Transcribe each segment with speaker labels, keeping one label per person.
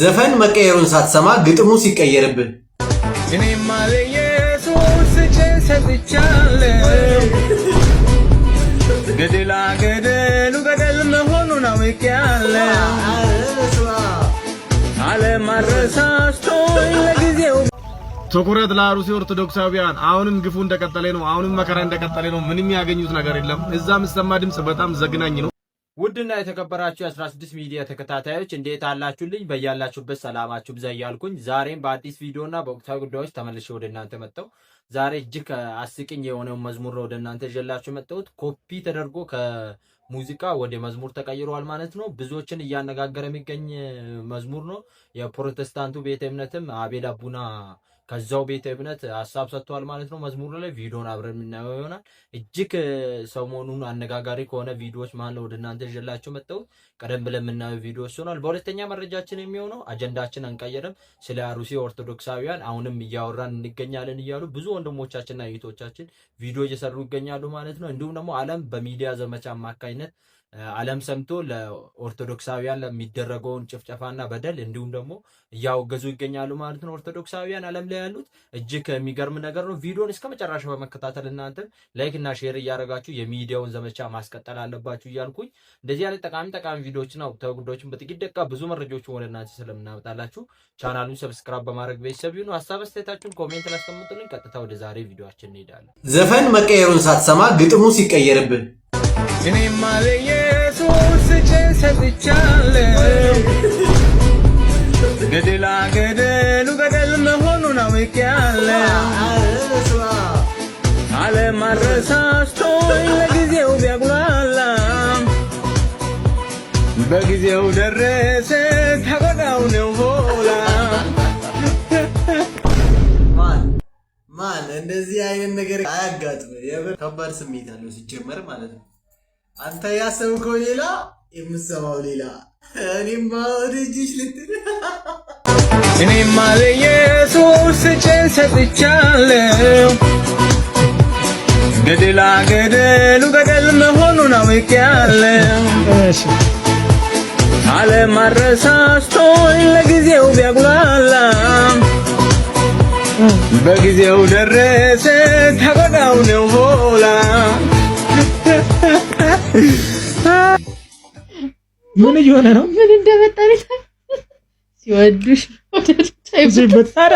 Speaker 1: ዘፈን መቀየሩን ሳትሰማ ግጥሙ ሲቀየርብን ገደላ ገደሉ ገደል መሆኑን ለጊዜው ትኩረት ለአሩሲ ኦርቶዶክሳውያን አሁንም ግፉ እንደቀጠለ ነው። አሁንም መከራ እንደቀጠለ ነው። ምንም ያገኙት ነገር የለም። እዛ ምሰማ ድምጽ በጣም ዘግናኝ ነው። ውድና የተከበራችሁ የ16 ሚዲያ ተከታታዮች እንዴት አላችሁልኝ? በያላችሁበት ሰላማችሁ ብዛ እያልኩኝ ዛሬም በአዲስ ቪዲዮና በወቅታዊ ጉዳዮች ተመልሼ ወደ እናንተ መጠው ዛሬ እጅግ አስቂኝ የሆነው መዝሙር ነው ወደ እናንተ ይዤላችሁ መጠውት ኮፒ ተደርጎ ከሙዚቃ ወደ መዝሙር ተቀይሯል ማለት ነው። ብዙዎችን እያነጋገረ የሚገኝ መዝሙር ነው። የፕሮቴስታንቱ ቤተ እምነትም አቤል አቡና ከዛው ቤተ እምነት ሀሳብ ሰጥተዋል ማለት ነው። መዝሙሩ ላይ ቪዲዮን አብረን የምናየው ይሆናል። እጅግ ሰሞኑን አነጋጋሪ ከሆነ ቪዲዮዎች መሀል ወደ እናንተ ይዤላችሁ መጣሁት። ቀደም ብለን የምናየው ቪዲዮ ሆኗል። በሁለተኛ መረጃችን የሚሆነው አጀንዳችን አንቀየርም። ስለ አሩሲ ኦርቶዶክሳውያን አሁንም እያወራን እንገኛለን እያሉ ብዙ ወንድሞቻችንና እህቶቻችን ቪዲዮ እየሰሩ ይገኛሉ ማለት ነው። እንዲሁም ደግሞ ዓለም በሚዲያ ዘመቻ አማካኝነት ዓለም ሰምቶ ለኦርቶዶክሳውያን ለሚደረገውን ጭፍጨፋና በደል እንዲሁም ደግሞ እያወገዙ ይገኛሉ ማለት ነው። ኦርቶዶክሳውያን ዓለም ላይ ያሉት እጅግ የሚገርም ነገር ነው። ቪዲዮን እስከ መጨረሻ በመከታተል እናንተም ላይክ እና ሼር እያደረጋችሁ የሚዲያውን ዘመቻ ማስቀጠል አለባችሁ እያልኩኝ እንደዚህ አይነት ጠቃሚ ጠቃሚ ቪዲዮዎችና ወቅታዊ ጉዳዮችን በጥቂት ደቂቃ ብዙ መረጃዎች ወደ እናንተ ስለምናመጣላችሁ ቻናሉን ሰብስክራይብ በማድረግ ቤተሰብ ይሁኑ። ሀሳብ አስተያየታችሁን ኮሜንት ላስቀምጡልኝ። ቀጥታ ወደ ዛሬ ቪዲዮችን እንሄዳለን። ዘፈን መቀየሩን ሳትሰማ ግጥሙ ሲቀየርብን እኔማ ለኢየሱስ እጄን ሰጥቻለሁ። ገደላ ገደሉ ገደል መሆኑን አውቄያለሁ። ዓለም አረሳስቶኝ ለጊዜው ቢያጉላላም በጊዜው ደረሰ ከጎዳው ነው ማን እንደዚህ አይነት ነገር አያጋጥም። የምር ከባድ ስሜት አለው ሲጀመር ማለት ነው። አንተ ያሰብከው ሌላ የምሰማው ሌላ። እኔማ ወደ እጅሽ ልትል እኔማ ለኢየሱስ እጄን ሰጥቻለሁ። ገደላ ገደሉ ገደል መሆኑን አውቄያለሁ። ዓለም አረሳስቶኝ ለጊዜው ቢያጉላላ በጊዜው ደረሰ ተጎዳው ነው ሆላ ምን እየሆነ ነው?
Speaker 2: ምን እንደመጣለች ሲወዱሽ ወደድበት።
Speaker 1: ታዲያ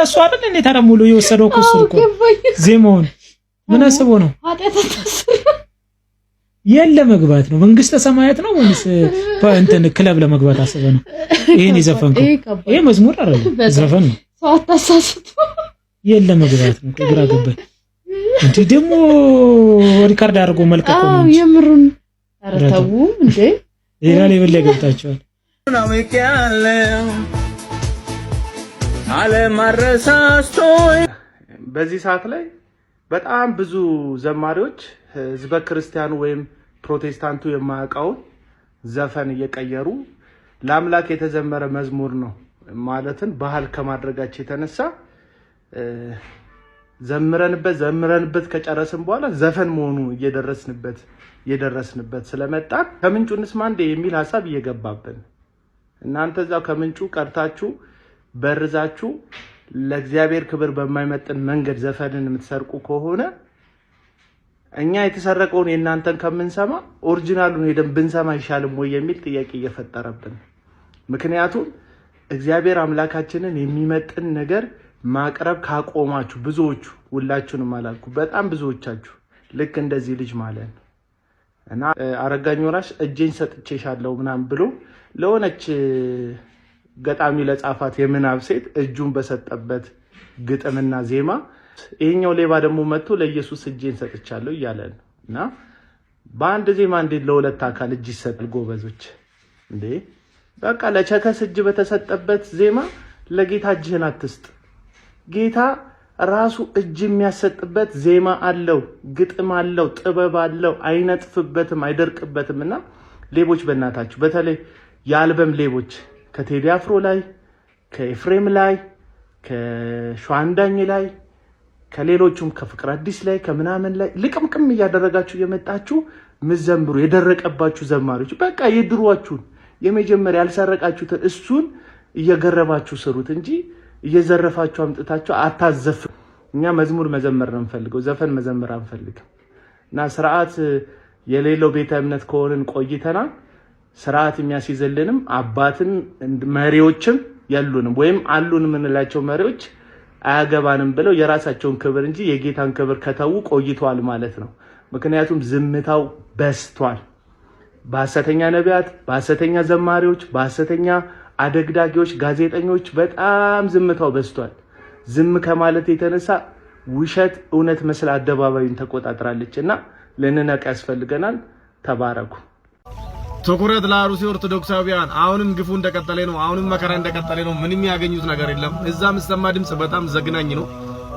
Speaker 1: እሱ አይደል እንዴ? ታዲያ ሙሉ የወሰደው እኮ እሱ እኮ ዜማውን ምን አስቦ ነው? የት ለመግባት ነው? መንግስተ ሰማያት ነው ወይስ እንትን ክለብ ለመግባት አስበ ነው ይሄን የዘፈንከው? ይሄ መዝሙር አይደለም ዘፈን ነው። የት ለመግባት ነው? ግራ ገባኝ። እንዲህ ደግሞ ሪካርድ አድርጎ መልቀቅ ነው
Speaker 2: የምሩን ኧረ እንዴ!
Speaker 1: ሌላ ሌብል ላይ
Speaker 3: በዚህ ሰዓት ላይ በጣም ብዙ ዘማሪዎች ህዝበ ክርስቲያኑ ወይም ፕሮቴስታንቱ የማያውቀውን ዘፈን እየቀየሩ ለአምላክ የተዘመረ መዝሙር ነው ማለትን ባህል ከማድረጋቸው የተነሳ ዘምረንበት ዘምረንበት ከጨረስን በኋላ ዘፈን መሆኑ እየደረስንበት የደረስንበት ስለመጣን ከምንጩ እንስማ የሚል ሀሳብ እየገባብን እናንተ እዛው ከምንጩ ቀርታችሁ በርዛችሁ ለእግዚአብሔር ክብር በማይመጥን መንገድ ዘፈንን የምትሰርቁ ከሆነ እኛ የተሰረቀውን የእናንተን ከምንሰማ ኦሪጂናሉን ሄደን ብንሰማ ይሻልም ወይ የሚል ጥያቄ እየፈጠረብን ምክንያቱም እግዚአብሔር አምላካችንን የሚመጥን ነገር ማቅረብ ካቆማችሁ ብዙዎቹ ሁላችሁንም አላልኩ፣ በጣም ብዙዎቻችሁ ልክ እንደዚህ ልጅ ማለት ነው እና አረጋኝ ወራሽ እጄን ሰጥቼሻለሁ ምናምን ብሎ ለሆነች ገጣሚ ለጻፋት የምናብ ሴት እጁን በሰጠበት ግጥምና ዜማ ይሄኛው ሌባ ደግሞ መጥቶ ለኢየሱስ እጄን ሰጥቻለሁ እያለ ነው። እና በአንድ ዜማ እንዴት ለሁለት አካል እጅ ይሰጣል? ጎበዞች እንዴ! በቃ ለቸከስ እጅ በተሰጠበት ዜማ ለጌታ እጅህን አትስጥ ጌታ ራሱ እጅ የሚያሰጥበት ዜማ አለው፣ ግጥም አለው፣ ጥበብ አለው። አይነጥፍበትም፣ አይደርቅበትም። እና ሌቦች በእናታችሁ በተለይ የአልበም ሌቦች ከቴዲ አፍሮ ላይ፣ ከኤፍሬም ላይ፣ ከሸዋንዳኝ ላይ፣ ከሌሎቹም ከፍቅር አዲስ ላይ፣ ከምናምን ላይ ልቅምቅም እያደረጋችሁ የመጣችሁ ምዘምሩ የደረቀባችሁ ዘማሪዎች በቃ የድሯችሁን የመጀመሪያ ያልሰረቃችሁትን እሱን እየገረባችሁ ስሩት እንጂ እየዘረፋችሁ አምጥታችሁ አታዘፍ እኛ መዝሙር መዘመር ነው እንፈልገው፣ ዘፈን መዘመር አንፈልግም። እና ስርዓት የሌለው ቤተ እምነት ከሆንን ቆይተናል። ስርዓት የሚያስይዘልንም አባትን መሪዎችም ያሉንም ወይም አሉን የምንላቸው መሪዎች አያገባንም ብለው የራሳቸውን ክብር እንጂ የጌታን ክብር ከተዉ ቆይተዋል ማለት ነው። ምክንያቱም ዝምታው በስቷል። በሐሰተኛ ነቢያት፣ በሐሰተኛ ዘማሪዎች፣ በሐሰተኛ አደግዳጊዎች፣ ጋዜጠኞች በጣም ዝምታው በስቷል። ዝም ከማለት የተነሳ ውሸት እውነት መስል አደባባዩን ተቆጣጥራለች እና ልንነቅ ያስፈልገናል። ተባረኩ።
Speaker 1: ትኩረት ለአሩሲ ኦርቶዶክሳውያን። አሁንም ግፉ እንደቀጠለ ነው። አሁንም መከራ እንደቀጠለ ነው። ምንም ያገኙት ነገር የለም። እዛ የምሰማ ድምፅ በጣም ዘግናኝ ነው።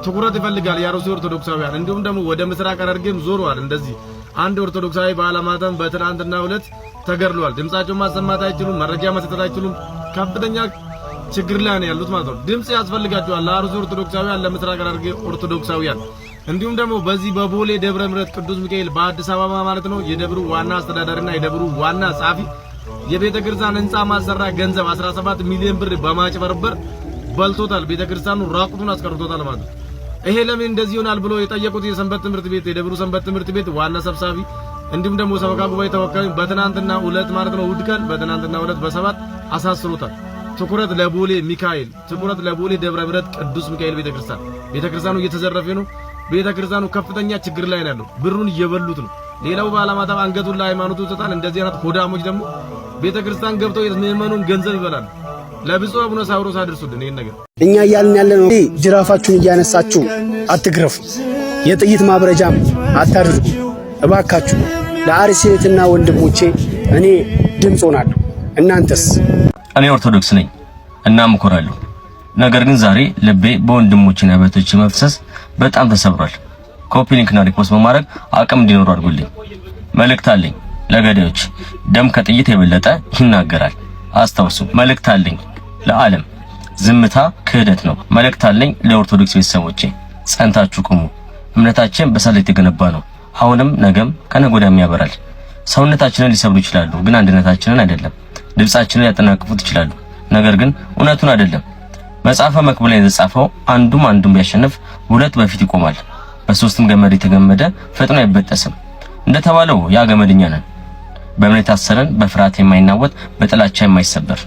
Speaker 1: ትኩረት ይፈልጋል የአሩሲ ኦርቶዶክሳውያን። እንዲሁም ደግሞ ወደ ምስራቅ ሐረርጌም ዞሯል እንደዚህ አንድ ኦርቶዶክሳዊ ባለማተም በትናንትና ሁለት ተገድሏል። ድምጻቸው ማሰማት አይችሉም። መረጃ መስጠት አይችሉም። ከፍተኛ ችግር ላይ ነው ያሉት ማለት ነው። ድምጽ ያስፈልጋቸዋል ለአርሲ ኦርቶዶክሳውያን፣ ለምስራቅ ሐረርጌ ኦርቶዶክሳውያን እንዲሁም ደግሞ በዚህ በቦሌ ደብረ ምሕረት ቅዱስ ሚካኤል በአዲስ አበባ ማለት ነው የደብሩ ዋና አስተዳዳሪና የደብሩ ዋና ጸሐፊ የቤተ ክርስቲያን ህንጻ ማሰራ ገንዘብ 17 ሚሊዮን ብር በማጭበርበር በልቶታል። ቤተ ክርስቲያኑ ራቁቱን አስቀርቶታል ማለት ነው። ይሄ ለምን እንደዚህ ይሆናል ብሎ የጠየቁት የሰንበት ትምህርት ቤት የደብሩ ሰንበት ትምህርት ቤት ዋና ሰብሳቢ እንዲሁም ደግሞ ሰበካ ጉባኤ ተወካዩ በትናንትና ሁለት ማለት ነው ውድቀን በትናንትና ሁለት በሰባት አሳስሮታል። ትኩረት ለቦሌ ሚካኤል፣ ትኩረት ለቦሌ ደብረ ምሕረት ቅዱስ ሚካኤል ቤተክርስቲያን። ቤተክርስቲያኑ እየተዘረፈ ነው። ቤተክርስቲያኑ ከፍተኛ ችግር ላይ ነው ያለው። ብሩን እየበሉት ነው። ሌላው ባለማተብ አንገቱን ለሃይማኖቱ ይሰጣል። እንደዚህ አይነት ሆዳሞች ደግሞ ቤተክርስቲያን ገብተው ምዕመኑን ገንዘብ ይበላል። ለብዙ አቡነ ሳዊሮስ አድርሱልን። ይሄን ነገር
Speaker 4: እኛ እያልን ያለ ነው። ጅራፋችሁን እያነሳችሁ አትግረፉ፣ የጥይት ማብረጃም አታድርጉ። እባካችሁ ለአርሴትና ወንድሞቼ እኔ ድምፅ ሆናለሁ። እናንተስ
Speaker 5: እኔ ኦርቶዶክስ ነኝ እና እኮራለሁ። ነገር ግን ዛሬ ልቤ በወንድሞችና በእህቶቼ መፍሰስ በጣም ተሰብሯል። ኮፒ ሊንክና ሪፖስት በማድረግ አቅም እንዲኖሩ አድርጉልኝ። መልእክት አለኝ ለገዳዮች። ደም ከጥይት የበለጠ ይናገራል። አስታውሱ። መልእክት አለኝ ለዓለም። ዝምታ ክህደት ነው። መልእክት አለኝ ለኦርቶዶክስ ቤተሰቦቼ፣ ጸንታችሁ ቁሙ። እምነታችን በሰለት የተገነባ ነው። አሁንም ነገም ከነገ ወዲያም ያበራል። ሰውነታችንን ሊሰብሩ ይችላሉ፣ ግን አንድነታችንን አይደለም። ልብሳችንን ያጠናቅፉት ይችላሉ። ነገር ግን እውነቱን አይደለም። መጽሐፈ መክብብ ላይ የተጻፈው አንዱም አንዱም ቢያሸንፍ ሁለት በፊት ይቆማል፣ በሶስትም ገመድ የተገመደ ፈጥኖ አይበጠስም እንደተባለው ያ ገመድኛ ነን። በእምነት ታሰረን፣ በፍርሃት የማይናወጥ በጥላቻ የማይሰበር።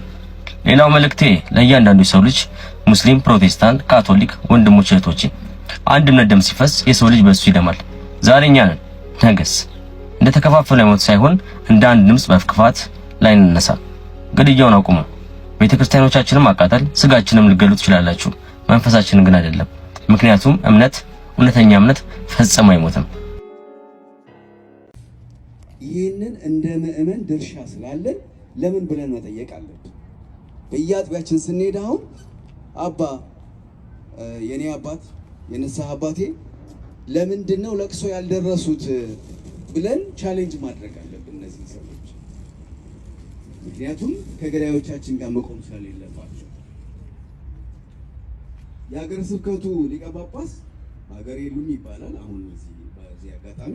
Speaker 5: ሌላው መልእክቴ ለእያንዳንዱ ሰው ልጅ ሙስሊም፣ ፕሮቴስታንት፣ ካቶሊክ ወንድሞች እህቶች፣ አንድ እምነት ደም ሲፈስ የሰው ልጅ በሱ ይደማል። ዛሬ እኛ ነን፣ ነገስ እንደተከፋፈለ ሞት ሳይሆን እንደ አንድ ድምጽ በክፋት ላይ እንነሳ። ግድያውን አቁሙ። ቤተ ክርስቲያኖቻችንም አቃጠል፣ ስጋችንም ልገሉ ትችላላችሁ፣ መንፈሳችንን ግን አይደለም። ምክንያቱም እምነት፣ እውነተኛ እምነት ፈጽሞ አይሞትም።
Speaker 4: ይህንን እንደ ምእመን ድርሻ ስላለን ለምን ብለን መጠየቅ አለብን። በየአጥቢያችን ስንሄድ አሁን አባ የኔ አባት የንስሐ አባቴ ለምንድን ነው ለቅሶ ያልደረሱት ብለን ቻሌንጅ ማድረግ ምክንያቱም ከገዳዮቻችን ጋር መቆም ስለሌለባቸው የሀገረ ስብከቱ ሊቀ ጳጳስ ሀገር የሉም ይባላል። አሁን በዚህ አጋጣሚ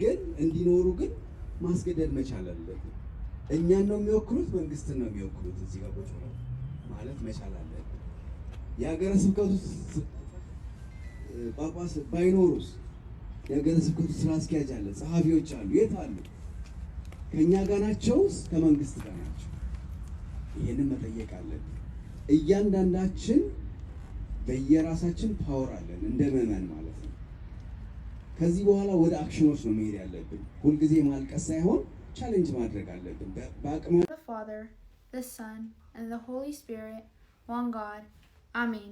Speaker 4: ግን እንዲኖሩ ግን ማስገደድ መቻል አለብን። እኛን ነው የሚወክሉት፣ መንግስትን ነው የሚወክሉት። እዚህ ጋር ቁጭ ብለው ማለት መቻል አለብን። የሀገረ ስብከቱ ጳጳስ ባይኖሩስ? የሀገረ ስብከቱ ስራ አስኪያጅ አለ፣ ጸሐፊዎች አሉ፣ የት አሉ? ከእኛ ጋር ናቸውስ ከመንግስት ጋር ናቸው? ይህንን መጠየቅ አለብን። እያንዳንዳችን በየራሳችን ፓወር አለን፣ እንደ ምዕመን ማለት ነው። ከዚህ በኋላ ወደ አክሽኖች ነው መሄድ ያለብን። ሁልጊዜ ማልቀስ ሳይሆን ቻሌንጅ ማድረግ አለብን።
Speaker 6: በአቅማ the Son, and the Holy Spirit, one God. Amen.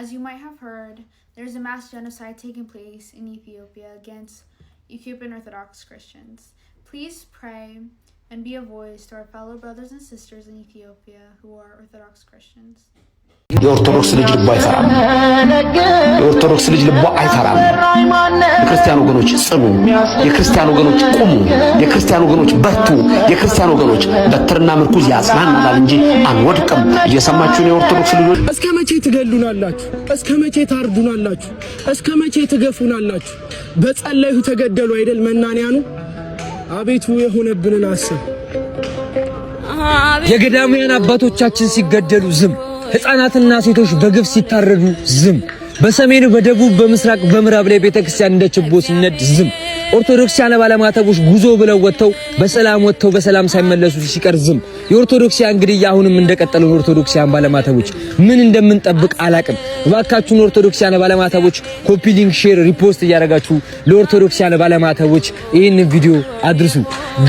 Speaker 6: As you might have heard, there's a mass genocide taking place in Ethiopia against Ethiopian Orthodox Christians. Please pray and be a voice to our fellow brothers and sisters in Ethiopia who are Orthodox Christians.
Speaker 7: የኦርቶዶክስ ልጅ ልቦ አይፈራም። የኦርቶዶክስ ልጅ ልቦ አይፈራም። የክርስቲያን ወገኖች ጽኑ፣ የክርስቲያን ወገኖች ቁሙ፣ የክርስቲያን ወገኖች በርቱ፣ የክርስቲያን ወገኖች በትርና ምርኩዝ ያጽናናል እንጂ አንወድቅም። እየሰማችሁን የኦርቶዶክስ ልጆች፣
Speaker 8: እስከ መቼ ትገሉናላችሁ? እስከ መቼ ታርዱናላችሁ? እስከ መቼ ትገፉናላችሁ? በጸለዩ ተገደሉ አይደል መናንያኑ አቤቱ የሆነብንን አስብ።
Speaker 7: የገዳሙያን አባቶቻችን ሲገደሉ ዝም፣ ሕፃናትና ሴቶች በግፍ ሲታረዱ ዝም፣ በሰሜኑ፣ በደቡብ፣ በምስራቅ፣ በምዕራብ ላይ ቤተክርስቲያን እንደ ችቦ ሲነድ ዝም ኦርቶዶክሲያን ባለማተቦች ጉዞ ብለው ወጥተው በሰላም ወጥተው በሰላም ሳይመለሱ ሲቀር ዝም የኦርቶዶክሲያን ግድያ አሁንም እንደቀጠለን ኦርቶዶክሲያን ባለማተቦች ምን እንደምንጠብቅ አላቅም። እባካችሁን ኦርቶዶክሲያን ባለማተቦች ኮፒ ሊንክ፣ ሼር፣ ሪፖስት እያደረጋችሁ ለኦርቶዶክሲያን ባለማተቦች ይህን ቪዲዮ አድርሱ።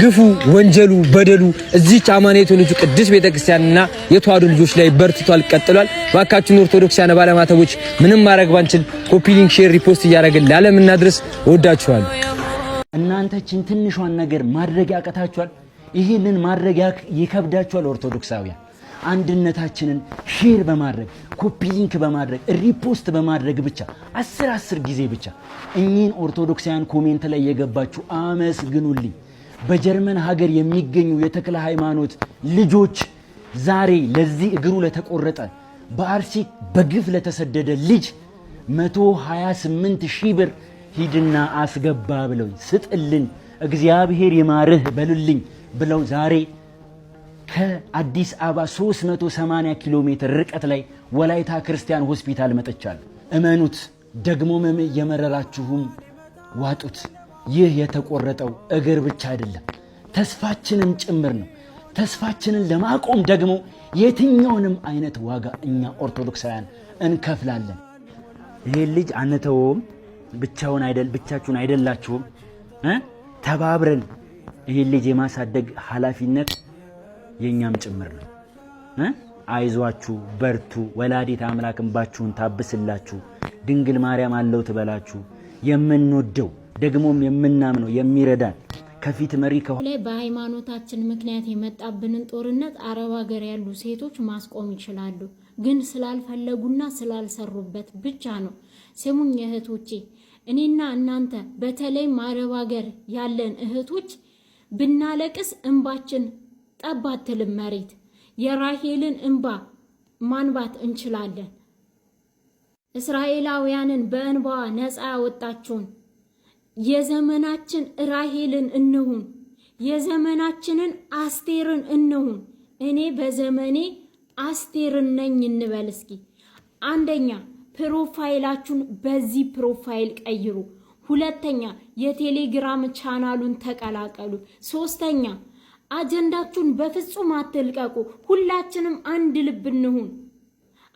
Speaker 7: ግፉ፣ ወንጀሉ፣ በደሉ እዚች አማኔቱ ልጅ ቅዱስ ቤተክርስቲያንና የተዋህዶ ልጆች ላይ በርትቷል፣ ቀጥሏል። እባካችሁን ኦርቶዶክሲያን ባለማተቦች ምንም ማድረግ ባንችል ኮፒ ሊንክ፣ ሼር፣ ሪፖስት እያደረግን ለዓለም እናድርስ። እወዳችኋለሁ።
Speaker 9: እናንተችን ትንሿን ነገር ማድረግ ያቀታችኋል። ይህንን ማድረግ ይከብዳችኋል። ኦርቶዶክሳውያን አንድነታችንን ሼር በማድረግ ኮፒ ሊንክ በማድረግ ሪፖስት በማድረግ ብቻ አስር አስር ጊዜ ብቻ እኚህን ኦርቶዶክሳውያን ኮሜንት ላይ የገባችሁ አመስግኑልኝ። በጀርመን ሀገር የሚገኙ የተክለ ሃይማኖት ልጆች ዛሬ ለዚህ እግሩ ለተቆረጠ በአርሲ በግፍ ለተሰደደ ልጅ 128 ሺህ ብር ሂድና አስገባ ብለው ስጥልን፣ እግዚአብሔር ይማርህ በሉልኝ ብለው ዛሬ ከአዲስ አበባ 380 ኪሎ ሜትር ርቀት ላይ ወላይታ ክርስቲያን ሆስፒታል መጥቻለሁ። እመኑት፣ ደግሞ የመረራችሁም ዋጡት። ይህ የተቆረጠው እግር ብቻ አይደለም፣ ተስፋችንም ጭምር ነው። ተስፋችንን ለማቆም ደግሞ የትኛውንም አይነት ዋጋ እኛ ኦርቶዶክሳውያን እንከፍላለን። ይህን ልጅ አንተውም። ብቻውን አይደል ብቻችሁን አይደላችሁም። ተባብረን ይህን ልጅ የማሳደግ ኃላፊነት የእኛም ጭምር ነው። አይዟችሁ፣ በርቱ። ወላዲት አምላክ እንባችሁን ታብስላችሁ፣ ድንግል ማርያም አለው ትበላችሁ። የምንወደው ደግሞም የምናምነው የሚረዳን ከፊት መሪ ከኋላ
Speaker 10: በሃይማኖታችን ምክንያት የመጣብንን ጦርነት አረብ ሀገር ያሉ ሴቶች ማስቆም ይችላሉ። ግን ስላልፈለጉና ስላልሰሩበት ብቻ ነው። ስሙኝ እህቶቼ፣ እኔና እናንተ በተለይ ማረብ አገር ያለን እህቶች ብናለቅስ እንባችን ጠብ አትልም መሬት። የራሄልን እንባ ማንባት እንችላለን። እስራኤላውያንን በእንባዋ ነፃ ያወጣችውን የዘመናችን ራሄልን እንሁን፣ የዘመናችንን አስቴርን እንሁን። እኔ በዘመኔ አስቴርን ነኝ እንበል እስኪ አንደኛ ፕሮፋይላችሁን በዚህ ፕሮፋይል ቀይሩ። ሁለተኛ የቴሌግራም ቻናሉን ተቀላቀሉ። ሶስተኛ አጀንዳችሁን በፍጹም አትልቀቁ። ሁላችንም አንድ ልብ እንሁን።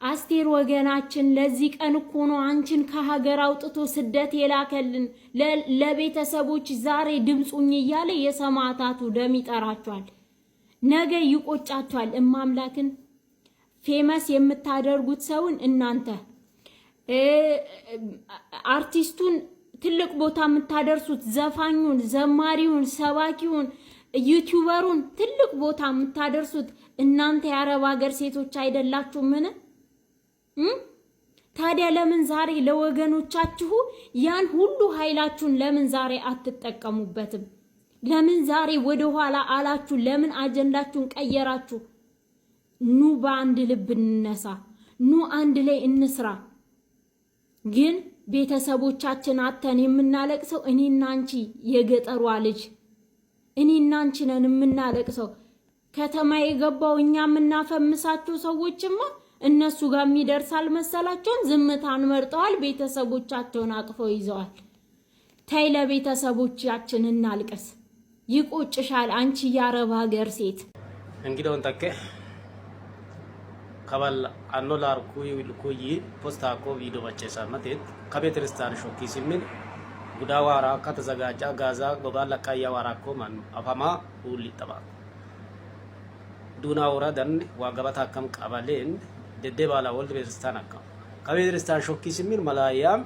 Speaker 10: አስቴር ወገናችን ለዚህ ቀን እኮ ነው አንቺን ከሀገር አውጥቶ ስደት የላከልን። ለቤተሰቦች ዛሬ ድምፁኝ እያለ የሰማዕታቱ ደም ይጠራችኋል፣ ነገ ይቆጫችኋል። እማምላክን ፌመስ የምታደርጉት ሰውን እናንተ አርቲስቱን ትልቅ ቦታ የምታደርሱት ዘፋኙን፣ ዘማሪውን፣ ሰባኪውን፣ ዩቲዩበሩን ትልቅ ቦታ የምታደርሱት እናንተ የአረብ ሀገር ሴቶች አይደላችሁምን? ታዲያ ለምን ዛሬ ለወገኖቻችሁ ያን ሁሉ ኃይላችሁን ለምን ዛሬ አትጠቀሙበትም? ለምን ዛሬ ወደ ኋላ አላችሁ? ለምን አጀንዳችሁን ቀየራችሁ? ኑ በአንድ ልብ እንነሳ። ኑ አንድ ላይ እንስራ። ግን ቤተሰቦቻችን አተን የምናለቅሰው እኔና አንቺ የገጠሯ ልጅ እኔና አንቺ ነን የምናለቅሰው። ከተማ የገባው እኛ የምናፈምሳቸው ሰዎችማ እነሱ ጋር የሚደርስ አልመሰላቸውም። ዝምታን መርጠዋል። ቤተሰቦቻቸውን አቅፈው ይዘዋል። ተይ ለቤተሰቦቻችን እናልቀስ። ይቆጭሻል አንቺ የአረብ ሀገር ሴት
Speaker 11: እንግዲውን ከበል አኖላር ኩይ ፖስታኮ ቪዲዮ መቼሳመቴት ከቤተክርስቲያን ሾኪ ሲሚል ጉዳ ከተዘጋጃ ጋዛ ጎባ ለቃያ ዋራኮ ማኑ አፋማ ሁል ይጠባ ዱና ወረደን ዋገበት አከም ቀበሌን ደዴ ባላ ወልድ ቤተክርስቲያን አከም ከቤተክርስቲያን ሾኪ ሲሚል መላያም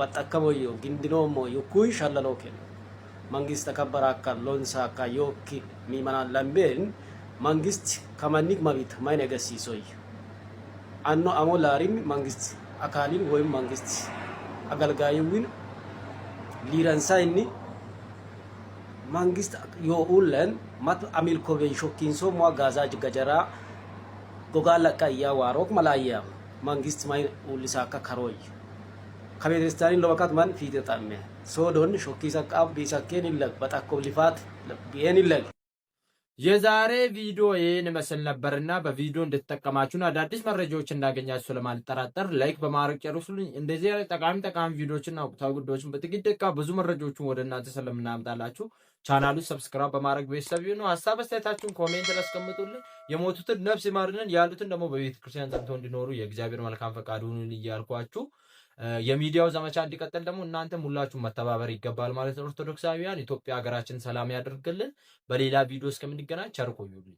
Speaker 11: በጠቀሞዮ ግንድኖሞ ዩኩይ ሸለሎኬ መንግስት ተከበራ አካ ሎንሳ አካ ዮኪ ሚመና ለምቤን Mangisti kamanni mabit mayin agarsiisoy annoo amoo laariin mangisti akaaliin woyim mangisti agalgaayewwin liiransaa inni mangisti yoo uulen mat amil koben shokkiinsoo moo gaazaa gajaraa gogaa laqqayyaa waarook malaayyaa mangisti mayin uullisaa akka karooy ከቤተክርስቲያን ለወቃት ማን ፊት ተጣመ ሶዶን ሾኪ ሰቃብ ቢሰኬን ይለቅ በጣኮ ሊፋት ቢኤን ይለቅ
Speaker 1: የዛሬ ቪዲዮ ይህን መስል ነበርና በቪዲዮ እንድትጠቀማችሁን አዳዲስ መረጃዎች እንዳገኛችሁ ለማልጠራጠር ላይክ በማድረግ ጨርሱልኝ። እንደዚህ ጠቃሚ ጠቃሚ ቪዲዮዎችና ወቅታዊ ጉዳዮችን በጥቂት ደቂቃ ብዙ መረጃዎችን ወደ እናንተ ስለምናምጣላችሁ ቻናሉ ሰብስክራይብ በማድረግ ቤተሰብ ነው። ሀሳብ አስተያየታችሁን ኮሜንት ላስቀምጡልን። የሞቱትን ነፍስ ይማርልን፣ ያሉትን ደግሞ በቤተክርስቲያን ጸንተው እንዲኖሩ የእግዚአብሔር መልካም ፈቃድ ሁኑልን እያልኳችሁ የሚዲያው ዘመቻ እንዲቀጥል ደግሞ እናንተም ሁላችሁም መተባበር ይገባል ማለት ነው። ኦርቶዶክሳዊያን ኢትዮጵያ ሀገራችን ሰላም ያደርግልን። በሌላ ቪዲዮ እስከምንገናኝ ቸር ቆዩልኝ።